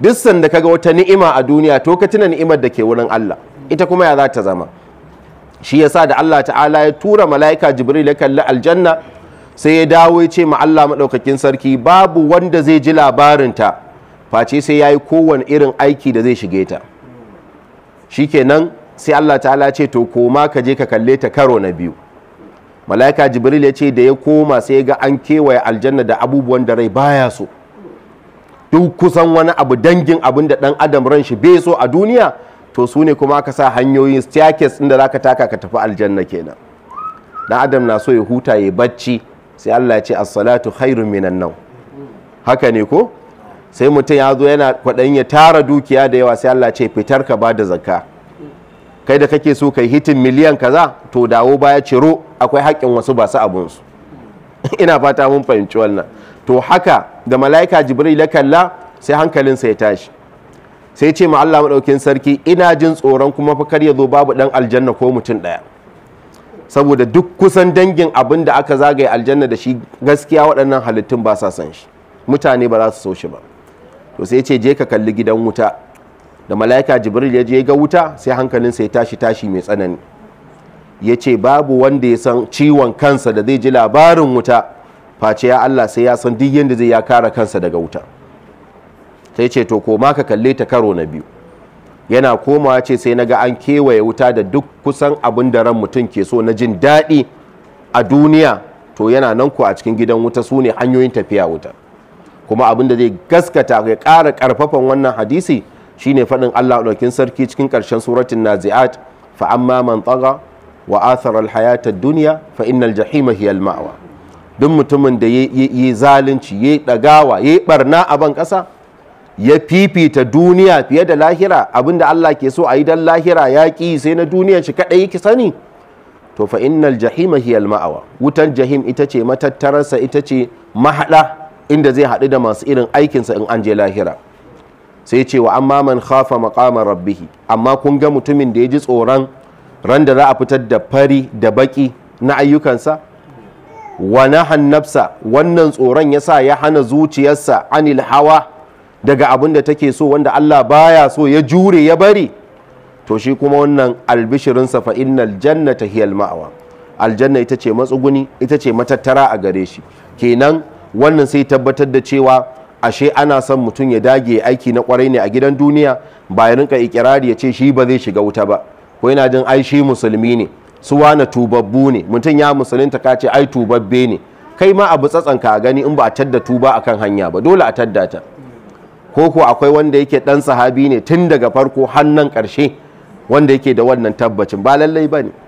duk sanda kaga wata ni'ima a duniya to ka tuna ni'imar da ke wurin Allah ita kuma ya za ta zama shi yasa da Allah ta'ala ya tura mala'ika Jibril ya kalli aljanna sai ya dawo ya ce ma Allah maɗaukakin sarki babu wanda zai ji labarin ta face sai yayi yi kowane irin aiki da zai shige ta shikenan sai Allah ta'ala ya ce to koma ka je ka kalle ta karo na biyu mala'ika Jibril ya ce da ya koma sai ga an kewaye aljanna da abubuwan da rai baya so duk kusan wani abu dangin abin da dan adam ran shi bai so a duniya to su ne kuma aka sa hanyoyin staircase inda za ka taka ka tafi aljanna kenan dan adam na so ya huta ya bacci sai Allah ya ce as-salatu khairun minan nau haka ne ko sai mutum ya zo yana kwaɗayin ya tara dukiya da yawa sai Allah ce fitar ka ba da zakka kai da kake so kai hitin miliyan kaza to dawo baya ciro akwai haƙƙin wasu ba su abunsu ina fata mun fahimci wannan to haka da mala'ika jibril ya kalla sai hankalinsa ya tashi sai ce ma Allah maɗaukin sarki ina jin tsoron kuma fa kar ya zo babu ɗan aljanna ko mutum ɗaya saboda duk kusan dangin abin da aka zagaye aljanna da shi gaskiya waɗannan halittun ba sa san shi mutane ba za su so shi ba to sai ce je ka kalli gidan wuta da mala'ika jibril ya je ga wuta sai hankalinsa ya tashi tashi mai tsanani ya ce babu wanda ya san ciwon kansa da zai ji labarin wuta face ya Allah sai ya san duk yadda zai ya kare kansa daga wuta sai ce to koma ka kalle ta karo na biyu yana komawa ce sai na ga an kewaye wuta da duk kusan abin da ran mutum ke so na jin daɗi a duniya to yana nan ku a cikin gidan wuta su ne hanyoyin tafiya wuta kuma abin da zai gaskata ya ƙara ƙarfafan wannan hadisi shine faɗin Allah ɗaukin sarki cikin ƙarshen suratin nazi'at fa amma man tsaga wa athara al-hayata ad-dunya fa innal jahima hiya duk mutumin da ya zalunci ya ɗagawa ya ɓarna a ban ƙasa ya fifita duniya fiye da lahira abinda Allah ke so a yi don lahira ya ƙi sai na duniya shi kaɗai yake sani to fa innal jahima hiyal ma'awa wutan jahim ita ce matattararsa ita ce mahaɗa inda zai haɗu da masu irin aikinsa in an je lahira sai ce wa amma man khafa maqama rabbihi amma kun ga mutumin da ya ji tsoron ran da za a fitar da fari da baki na ayyukansa wa nahan nafsa wannan tsoron yasa ya hana zuciyarsa anil hawa daga abin da take so wanda Allah baya so ya jure ya bari to shi kuma wannan albishirinsa fa innal jannata hiyal ma'awa aljanna ita ce matsuguni ita ce matattara a gare shi kenan wannan sai tabbatar da cewa ashe ana son mutum ya dage aiki na kwarai ne a gidan duniya ba ya rinka ikirari ya ce shi ba zai shiga wuta ba ko yana jin ai shi musulmi ne su wane tubabbu ne mutum ya musulunta ka ce ai tubabbe ne kai ma abu tsatsan ka gani in ba a tadda tuba akan hanya ba dole a tadda ta ko ko akwai wanda yake dan sahabi ne tun daga farko hannan karshe wanda yake da wannan tabbacin ba lallai ba ne.